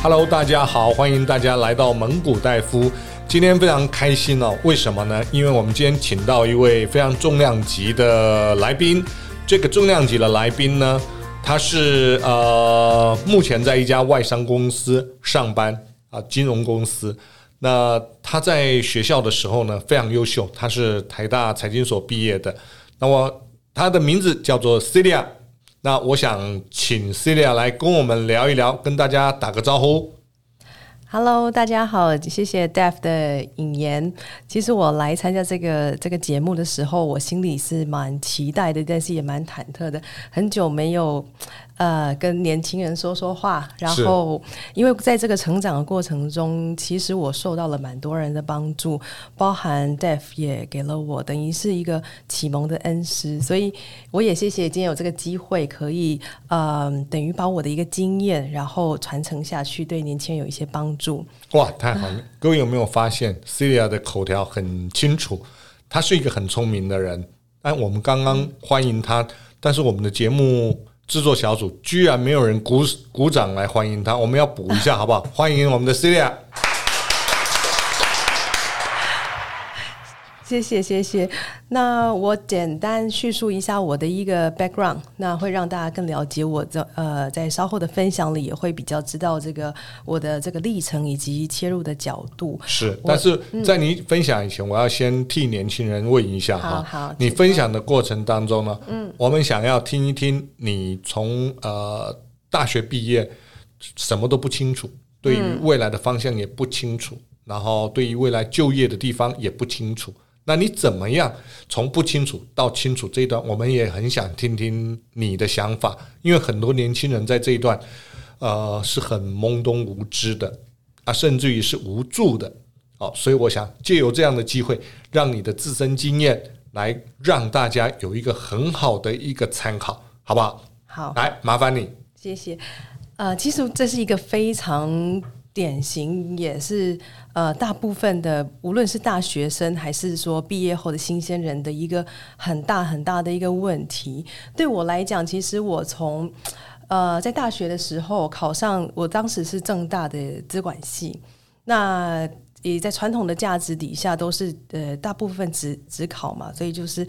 Hello，大家好，歡迎大家來到萌骨戴夫。今天非常開心哦，為什麼呢？因為我們今天請到一位非常重量級的來賓。這個重量級的來賓呢，他是呃，目前在一家外商公司上班啊，金融公司。那他在學校的時候呢，非常優秀，他是台大財經所畢業的。那麼他的名字叫做 Celia。那我想請 Celia 來跟我們聊一聊，跟大家打個招呼。Hello，大家好，謝謝 Dave 的引言。其實我來參加這個這個節目的時候，我心裡是蠻期待的，但是也蠻忐忑的。很久沒有呃跟年輕人說說話，然後是因為在這個成長的過程中，其實我受到了蠻多人的幫助，包含 Dave 也給了我等於是一個啟蒙的恩師，所以我也謝謝今天有這個機會可以呃等於把我的一個經驗然後傳承下去，對年輕人有一些幫。住哇，太好了！各位有沒有發現，Celia 的口條很清楚，她是一個很聰明的人。哎，但我們剛剛歡迎她，但是我們的節目製作小組居然沒有人鼓鼓掌來歡迎她。我們要補一下，好不好？歡迎我們的 Celia。謝謝謝謝，那我簡單敘述一下我的一個 background，那會讓大家更了解我。在呃，在稍後的分享裡也會比較知道這個我的這個歷程以及切入的角度。是，但是在你分享以前，我,嗯、我要先替年輕人問一下哈。好，好，你分享的過程當中呢，嗯，我們想要聽一聽你從呃大學畢業，什麼都不清楚，對於未來的方向也不清楚，嗯、然後對於未來就業的地方也不清楚。那你怎麼樣從不清楚到清楚這一段，我們也很想聽聽你的想法，因為很多年輕人在這一段，呃，是很懵懂無知的啊，甚至於是無助的哦，所以我想借由這樣的機會，讓你的自身經驗來讓大家有一個很好的一個參考，好不好？好，來，麻煩你，謝謝。呃，其實這是一個非常。典型，也是呃、大部分的，無論是大學生還是說畢業後的新鮮人的一個很大很大的一個問題。對我來講，其實我從呃在大學的時候考上，我當時是政大的資管系，那。也在傳統的價值底下，都是呃大部分指指考嘛，所以就是，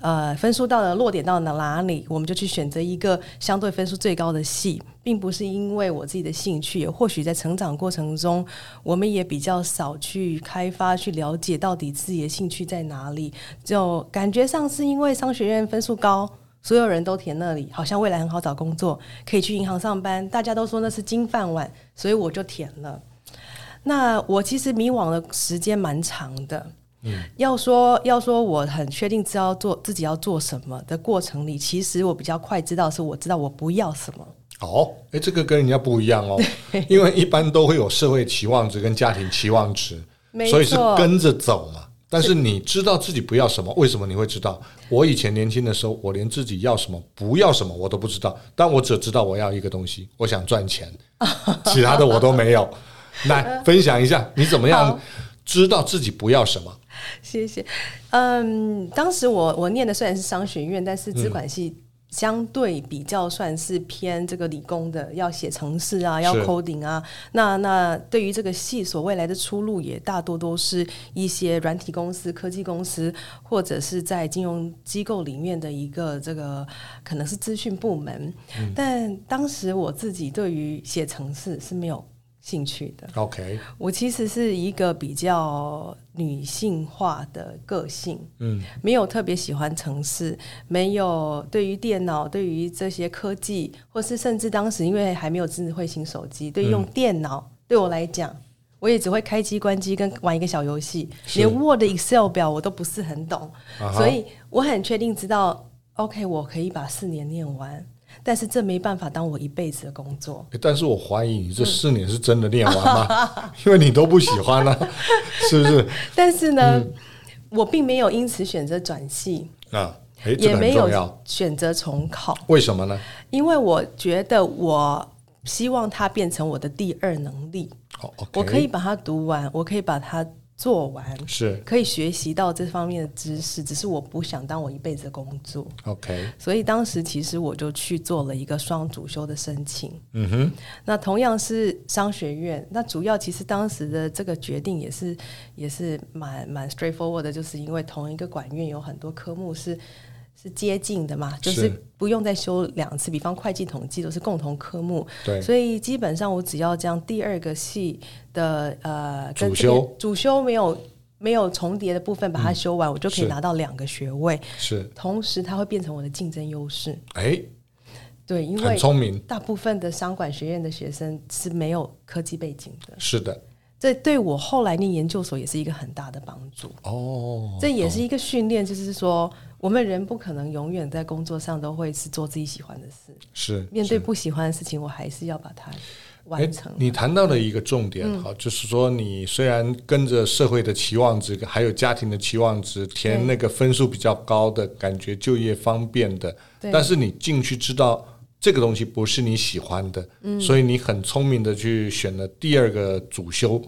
呃分數到了落點到了哪裡，我們就去選擇一個相對分數最高的系，並不是因為我自己的興趣，也或許在成長過程中，我們也比較少去開發去了解到底自己的興趣在哪裡，就感覺上是因為商學院分數高，所有人都填那裡，好像未來很好找工作，可以去銀行上班，大家都說那是金飯碗，所以我就填了。那我其實迷惘的時間蠻長的。嗯，要，要說，要說，我很確定知道做自己要做什麼的過程裡，其實我比較快知道是我知道我不要什麼。哦，誒、欸，這個跟人家不一樣哦，對因為一般都會有社會期望值跟家庭期望值，錯所以是跟着走嘛。但是你知道自己不要什麼？是為什麼你會知道？我以前年輕的時候，我連自己要什麼、不要什麼我都不知道，但我只知道我要一個東西，我想賺錢， 其他的我都沒有。 來分享一下，呃、你怎麼樣好知道自己不要什麼？謝謝。嗯，當時我我念的雖然是商學院，但是資管系相對比較算是偏這個理工的，要寫程式啊，要 coding 啊。是那那對於這個系所未來的出路，也大多都是一些軟體公司、科技公司，或者是在金融機構裡面的一個這個可能是資訊部門。嗯、但當時我自己對於寫程式是沒有。興趣的，OK，我其實是一個比較女性化的個性，嗯，沒有特別喜歡程式，沒有對於電腦，對於這些科技，或是甚至當時因為還沒有智慧型手機，對，用電腦、嗯、對我來講，我也只會開機關機跟玩一個小遊戲，是連 Word、Excel 表我都不是很懂，uh huh、所以我很確定知道，OK，我可以把四年念完。但是這沒辦法當我一輩子的工作。但是我懷疑你這四年是真的念完嗎？嗯、 因為你都不喜歡了、啊，是不是？但是呢，嗯、我並沒有因此選擇轉系啊，這個、很重要。也沒有選擇重考。為什麼呢？因為我覺得我希望它變成我的第二能力。哦 okay、我可以把它讀完，我可以把它。做完是可以學習到這方面的知識，只是我不想當我一輩子的工作。OK，所以當時其實我就去做了一個雙主修的申請。嗯哼、mm，hmm. 那同樣是商學院，那主要其實當時的這個決定也是也是蠻蠻 straightforward 的，就是因為同一個管院有很多科目是。是接近的嘛，就是不用再修兩次，比方會計統計都是共同科目，對，所以基本上我只要將第二個系的呃跟主修主修沒有沒有重疊的部分把它修完，嗯、我就可以拿到兩個學位，是，同時它會變成我的競爭優勢。誒對，因為聰明，大部分的商管學院的學生是沒有科技背景的，是的，這對我後來念研究所也是一個很大的幫助哦，這也是一個訓練，就是說。我們人不可能永遠在工作上都會是做自己喜歡的事，是，是面對不喜歡的事情，是我還是要把它完成。你談到的一個重點哈對，就是說你雖然跟着社會的期望值還有家庭的期望值填那個分數比較高的，對感覺就業方便的，對但是你進去知道這個東西不是你喜歡的，對所以你很聰明的去選了第二個主修，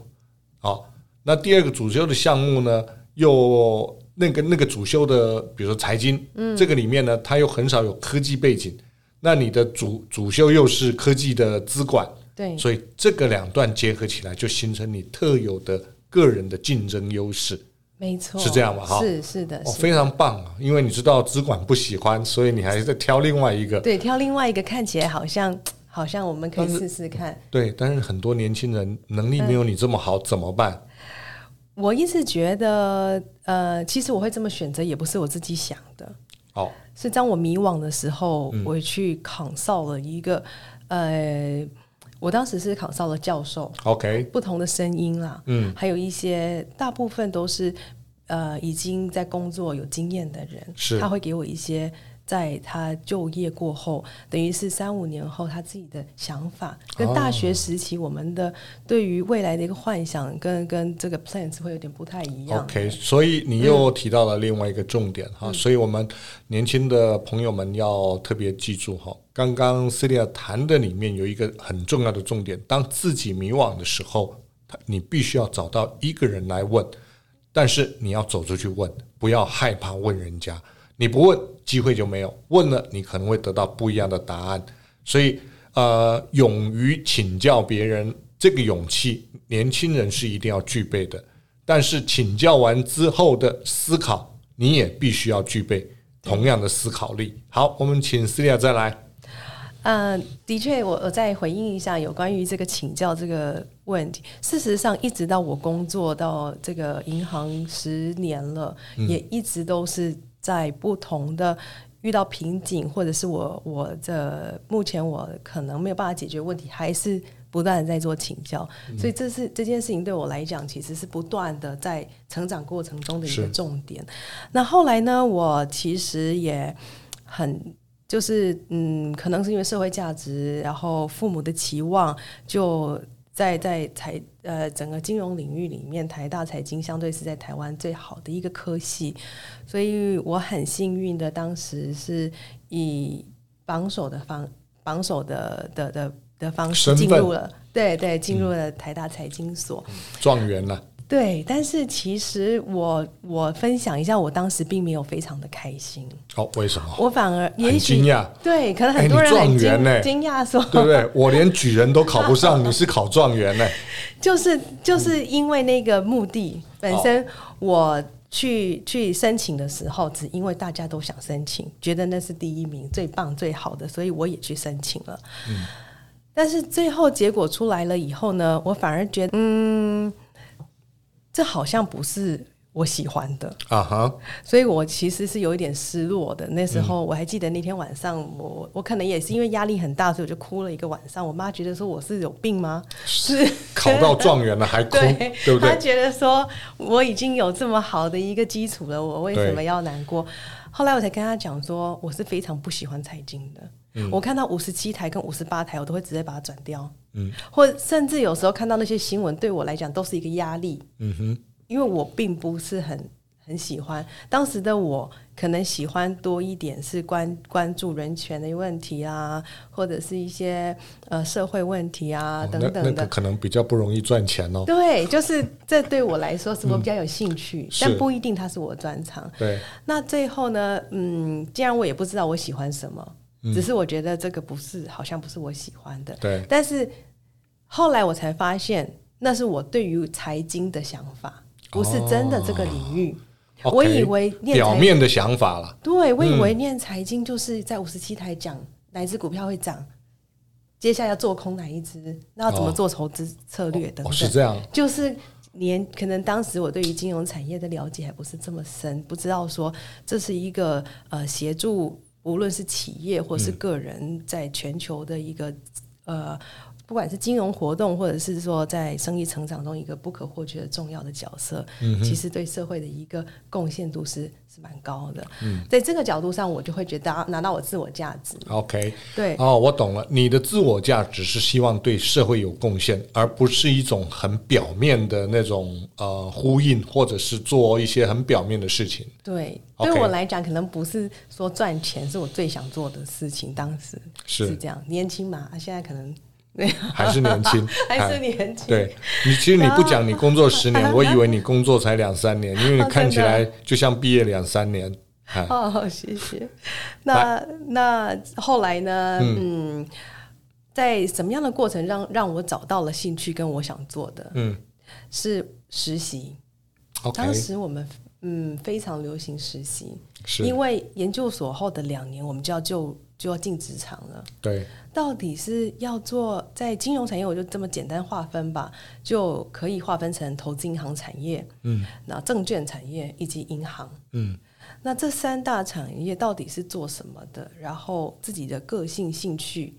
好，那第二個主修的項目呢又。那個那個主修的，比如說財經，嗯，這個裡面呢，它又很少有科技背景，那你的主主修又是科技的資管，對，所以這個兩段結合起來，就形成你特有的個人的競爭優勢。沒錯，是這樣吧？哈，是的是的，哦，非常棒啊！因為你知道資管不喜歡，所以你還在挑另外一個。對，挑另外一個看起來好像好像我們可以試試看。對，但是很多年輕人能力沒有你這麼好，怎麼辦？我一直覺得，呃，其實我會這麼選擇，也不是我自己想的，哦，oh. 是當我迷惘的時候，嗯、我去 consult 了一個，呃，我當時是 consult 了教授，OK，不同的聲音啦，嗯，還有一些大部分都是，呃，已經在工作有經驗的人，是，他會給我一些。在他就業過後，等於是三五年後，他自己的想法跟大學時期我們的對於未來的一個幻想跟，跟跟這個 plans 會有點不太一樣。OK，所以你又提到了另外一個重點哈，嗯、所以我們年輕的朋友們要特別記住哈。嗯、剛剛 Celia 談的裡面有一個很重要的重點，當自己迷惘的時候，你必須要找到一個人來問，但是你要走出去問，不要害怕問人家。你不問，機會就沒有；問了，你可能會得到不一樣的答案。所以，呃，勇於請教別人，這個勇氣，年輕人是一定要具備的。但是，請教完之後的思考，你也必須要具備同樣的思考力。好，我們請 Celia 再來。呃，uh, 的確，我我再回應一下有關於這個請教這個問題。事實上，一直到我工作到這個銀行十年了，也一直都是。在不同的遇到瓶頸，或者是我我這目前我可能沒有辦法解決問題，還是不斷在做請教，嗯、所以這是這件事情對我來講，其實是不斷的在成長過程中的一個重點。是那後來呢，我其實也很就是嗯，可能是因為社會價值，然後父母的期望就。在在財呃整個金融領域裡面，台大財經相對是在台灣最好的一個科系，所以我很幸運的當時是以榜首的方榜首的的的的方式進入了，對分對，進入了台大財經所，嗯、狀元了啊。對，但是其實我我分享一下，我當時並沒有非常的開心哦。為什麼？我反而也許很驚訝，對，可能很多人很驚、哎、你狀元欸、驚訝說，對不對？我連舉人都考不上， 你是考狀元呢、欸？就是就是因為那個目的、嗯、本身，我去去申請的時候，只因為大家都想申請，覺得那是第一名、最棒、最好的，所以我也去申請了。嗯，但是最後結果出來了以後呢，我反而覺得，嗯。這好像不是我喜歡的啊哈，所以我其實是有一點失落的。那時候我還記得那天晚上，我我可能也是因為壓力很大，所以我就哭了一個晚上。我媽覺得說我是有病嗎？是考到狀元了還哭， 對不對？她覺得說我已經有這麼好的一個基礎了，我為什麼要難過？後來我才跟她講說，我是非常不喜歡財經的。我看到五十七台跟五十八台，我都會直接把它轉掉。嗯，或甚至有時候看到那些新聞，對我來講都是一個壓力。嗯哼，因為我並不是很很喜歡。當時的我可能喜歡多一點是關關注人權的問題啊，或者是一些呃社會問題啊、哦、等等的。那那可,可能比較不容易賺錢哦。對，就是這對我來說是我比較有興趣，嗯、但不一定它是我專長。對。那最後呢？嗯，既然我也不知道我喜歡什麼。只是我覺得這個不是，好像不是我喜歡的。嗯、對，但是後來我才發現，那是我對於財經的想法，不是真的這個領域。哦、我以為念表面的想法了。對，我以為念財經就是在五十七台講哪只股票會漲，嗯、接下來要做空哪一只，那要怎麼做投資策略等、等、哦哦。是這樣，就是連可能當時我對於金融產業的了解還不是這麼深，不知道說這是一個呃協助。無論是企業或是個人，在全球的一個，嗯，呃。不管是金融活動，或者是說在生意成長中一個不可或缺的重要的角色，嗯哼，其實對社會的一個貢獻度是是蠻高的。嗯，在這個角度上，我就會覺得啊，拿到我自我價值。OK，對哦，我懂了。你的自我價值是希望對社會有貢獻，而不是一種很表面的那種呃呼應，或者是做一些很表面的事情。對，okay, 對我來講，可能不是說賺錢是我最想做的事情。當時是這樣，是年輕嘛，啊，現在可能。 還是年輕， 還是年輕。對 你，其實你不講你工作十年， 我以為你工作才兩三年，因為你看起來就像畢業兩三年。 哦，謝謝。那那後來呢？嗯，嗯嗯在什麼樣的過程讓讓我找到了興趣跟我想做的？嗯，是實習。當時我們嗯非常流行實習，是因為研究所後的兩年我們就要就。就要進職場了，對，到底是要做在金融產業，我就這麼簡單劃分吧，就可以劃分成投資銀行產業，嗯，那證券產業以及銀行，嗯，那這三大產業到底是做什麼的？然後自己的個性、興趣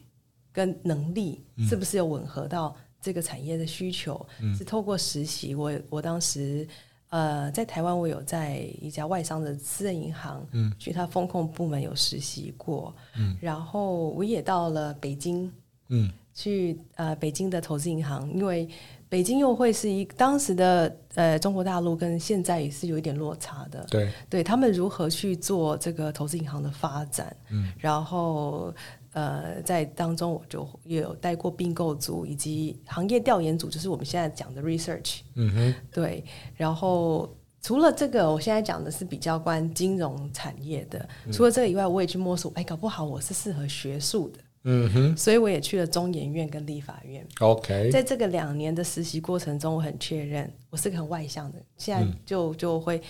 跟能力是不是有吻合到這個產業的需求？是透過實習，我我當時。呃，在台灣，我有在一家外商的私人銀行，嗯，去他風控部門有實習過，嗯，然後我也到了北京，嗯，去呃北京的投資銀行，因為北京又會是一當時的呃中國大陸跟現在也是有一點落差的，對，對，對他們如何去做這個投資銀行的發展，嗯，然後。呃，在當中我就也有帶過併購組以及行業調研組，就是我們現在講的 research。嗯哼。對，然後除了這個，我現在講的是比較關金融產業的。嗯、除了這個以外，我也去摸索，哎，搞不好我是適合學術的。嗯哼。所以我也去了中研院跟立法院。OK。在這個兩年的實習過程中，我很確認，我是個很外向的，現在就就會，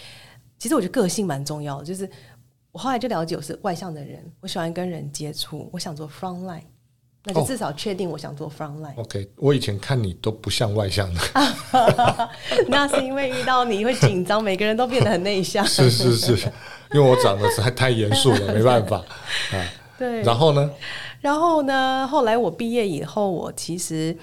其實我覺得個性蠻重要的，就是。我後來就了解，我是外向的人，我喜歡跟人接觸，我想做 front line，那就至少確定我想做 front line。Oh, OK，我以前看你都不像外向的， 那是因為遇到你會緊張， 每個人都變得很內向。 是是是，因為我長得太太嚴肅了， 沒辦法啊。對，然後呢？然後呢？後來我畢業以後，我其實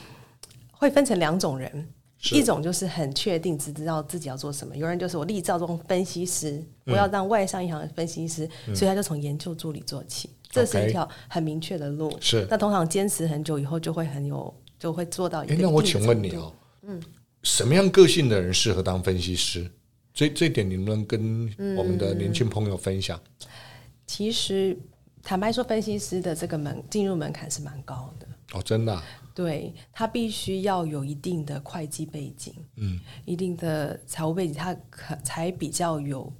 會分成兩種人。是一種就是很確定，只知道自己要做什麼。有人就是我立志當分析師，嗯、我要當外商銀行的分析師，嗯、所以他就從研究助理做起，嗯、這是一條很明確的路。Okay 是，那通常堅持很久以後，就會很有，就會做到一。哎、欸，那我請問你哦，嗯，什麼樣個性的人適合當分析師？所以這這點您能不能跟我們的年輕朋友分享？嗯、其實。坦白說，分析師的這個門進入門檻是蠻高的哦。真的啊？對，他必須要有一定的會計背景，嗯，一定的財務背景，他可才比較有，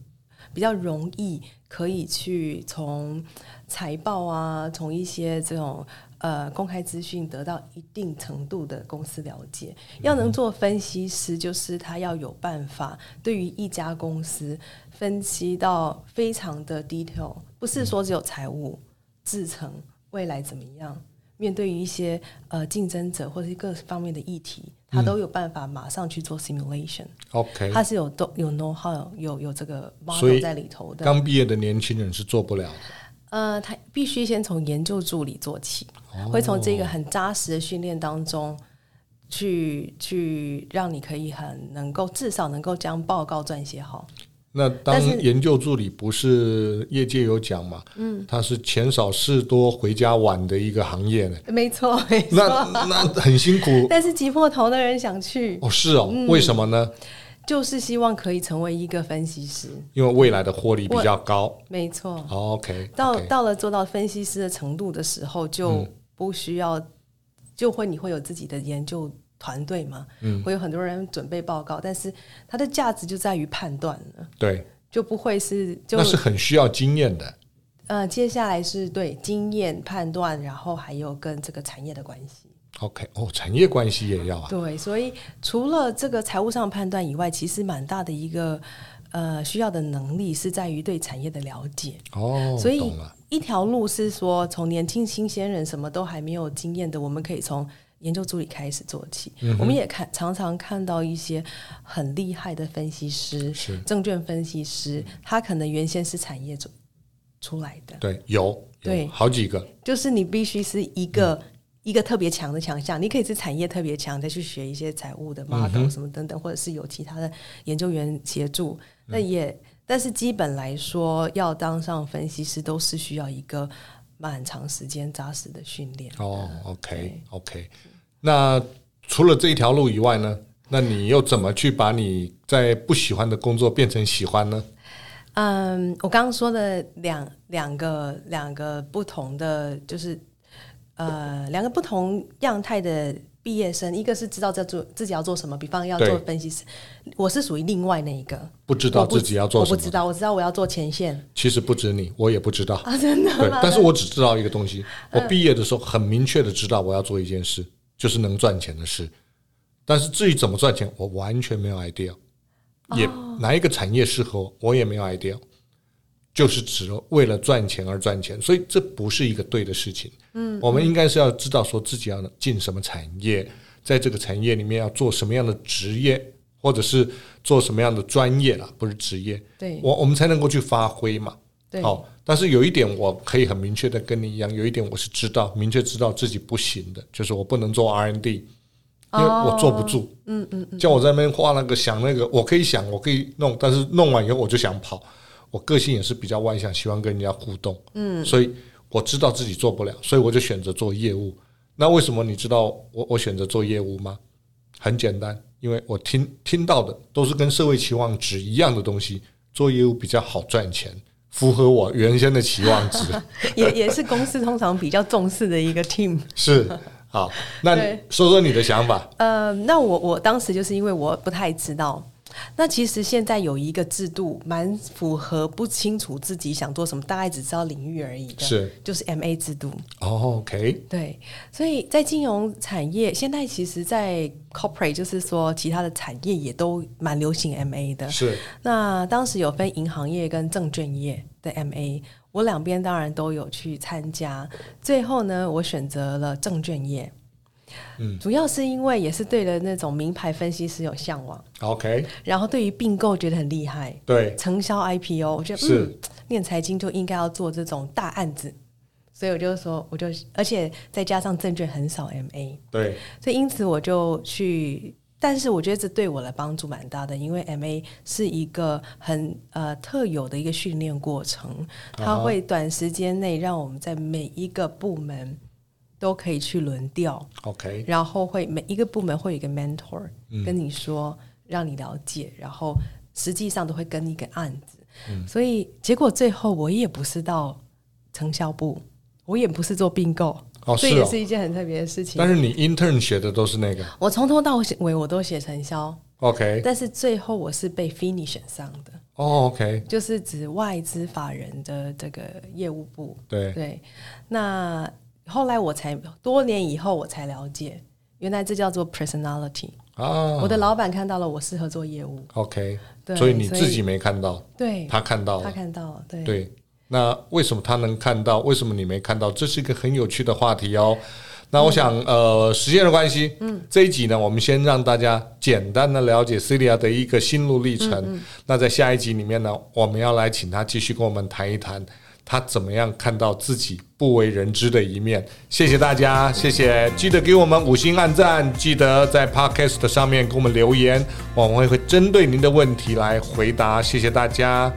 比較容易可以去從財報啊，從一些這種呃公開資訊得到一定程度的公司了解。要能做分析師，就是他要有辦法對於一家公司，分析到非常的 detail，不是說只有財務、製成未來怎麼樣，面對於一些呃競爭者或者是各方面的議題，他都有辦法馬上去做 simulation、嗯。OK，他是有都有 know how，有有這個 model 以在裡頭的。剛畢業的年輕人是做不了的。呃，他必須先從研究助理做起，哦、會從這個很扎實的訓練當中去去讓你可以很能夠至少能夠將報告撰寫好。那當研究助理不是業界有講嘛？嗯，他是錢少事多回家晚的一個行業呢。沒錯，那那很辛苦。但是擠破頭的人想去哦，是哦，嗯，為什麼呢？就是希望可以成為一個分析師，因為未來的獲利比較高。沒錯，OK，okay，到到了做到分析師的程度的時候，就不需要，嗯，就會你會有自己的研究。團隊嘛，嗯，會有很多人準備報告，但是它的價值就在於判斷了，對，就不會是，就那是很需要經驗的。呃，接下來是對經驗判斷，然後還有跟這個產業的關係。OK，哦，產業關係也要啊。對，所以除了這個財務上判斷以外，其實蠻大的一個呃需要的能力是在於對產業的了解。哦，所以懂了，一條路是說從年輕新鮮人什麼都還沒有經驗的，我們可以從。研究助理開始做起，我們也看常常看到一些很厲害的分析師，證券分析師，他可能原先是產業組出來的，對，有對好幾個，就是你必須是一個一個特別強的強項，你可以是產業特別強再去學一些財務的 model 什麼等等，或者是有其他的研究員協助，但也但是基本來說，要當上分析師都是需要一個蠻長時間扎實的訓練。哦，OK，OK。那除了這一條路以外呢？那你又怎麼去把你在不喜歡的工作變成喜歡呢？嗯，我剛剛說的兩兩個兩個不同的，就是呃，兩個不同樣態的畢業生，一個是知道在做自己要做什麼，比方要做分析師，對我是屬於另外那一個，不知道自己要做什麼。不知道，我知道我要做前線。其實不止你，我也不知道。啊，真的？對。但是我只知道一個東西，我畢業的時候很明確的知道我要做一件事。就是能賺錢的事，但是至於怎麼賺錢，我完全沒有 idea。oh。也哪一個產業適合我，我也沒有 idea。就是只為了賺錢而賺錢，所以這不是一個對的事情。嗯，我們應該是要知道，說自己要進什麼產業，嗯、在這個產業裡面要做什麼樣的職業，或者是做什麼樣的專業了，不是職業。對我，我們才能夠去發揮嘛。好對、哦，但是有一點我可以很明確的跟你一樣，有一點我是知道，明確知道自己不行的，就是我不能做 R&D，因為我坐不住。嗯、哦、嗯，嗯嗯叫我在那邊畫那個想那個，我可以想，我可以弄，但是弄完以後我就想跑。我個性也是比較外向，喜歡跟人家互動。嗯，所以我知道自己做不了，所以我就選擇做業務。那為什麼你知道我我選擇做業務嗎？很簡單，因為我聽聽到的都是跟社會期望值一樣的東西，做業務比較好賺錢。符合我原先的期望值 也，也也是公司通常比較重視的一個 team。 是，好，那你說說你的想法。對，呃，那我我當時就是因為我不太知道。那其實現在有一個制度，蠻符合不清楚自己想做什麼，大概只知道領域而已的。是，就是 M A 制度。哦，OK。對，所以在金融產業，現在其實，在 Corporate 就是說其他的產業也都蠻流行 M A 的。是。那當時有分銀行業跟證券業的 M A，我兩邊當然都有去參加，最後呢，我選擇了證券業。嗯，主要是因為也是對了那種名牌分析師有向往，OK。然後對於併購覺得很厲害，對承銷 IPO，我覺得是嗯，念財經就應該要做這種大案子，所以我就說我就，而且再加上證券很少 MA，對，所以因此我就去，但是我覺得這對我來幫助蠻大的，因為 MA 是一個很呃特有的一個訓練過程，它會短時間內讓我們在每一個部門。都可以去輪調，OK，然後會每一個部門會有一個 mentor 跟你說，嗯、讓你了解，然後實際上都會跟一個案子，嗯、所以結果最後我也不是到承銷部，我也不是做併購，哦哦、所以也是一件很特別的事情。但是你 intern 寫的都是那個，我從頭到尾我都寫承銷，OK，但是最後我是被 FINI 選上的、oh,，OK，就是指外資法人的這個業務部，對對，那。後來我才多年以後我才了解，原來這叫做 personality。啊，我的老板看到了我適合做業務。OK，對，所以你自己沒看到，對，他看到了，他看到了，對，對。那為什麼他能看到？為什麼你沒看到？這是一個很有趣的話題哦。那我想，嗯，呃，時間的關係，嗯，這一集呢，我們先讓大家簡單的了解 Celia 的一個心路歷程。嗯嗯，那在下一集裡面呢，我們要來請他繼續跟我們談一談。他怎麼樣看到自己不為人知的一面？謝謝大家，謝謝！記得給我們五星按讚，記得在 Podcast 上面給我們留言，我們會針對您的問題來回答。謝謝大家。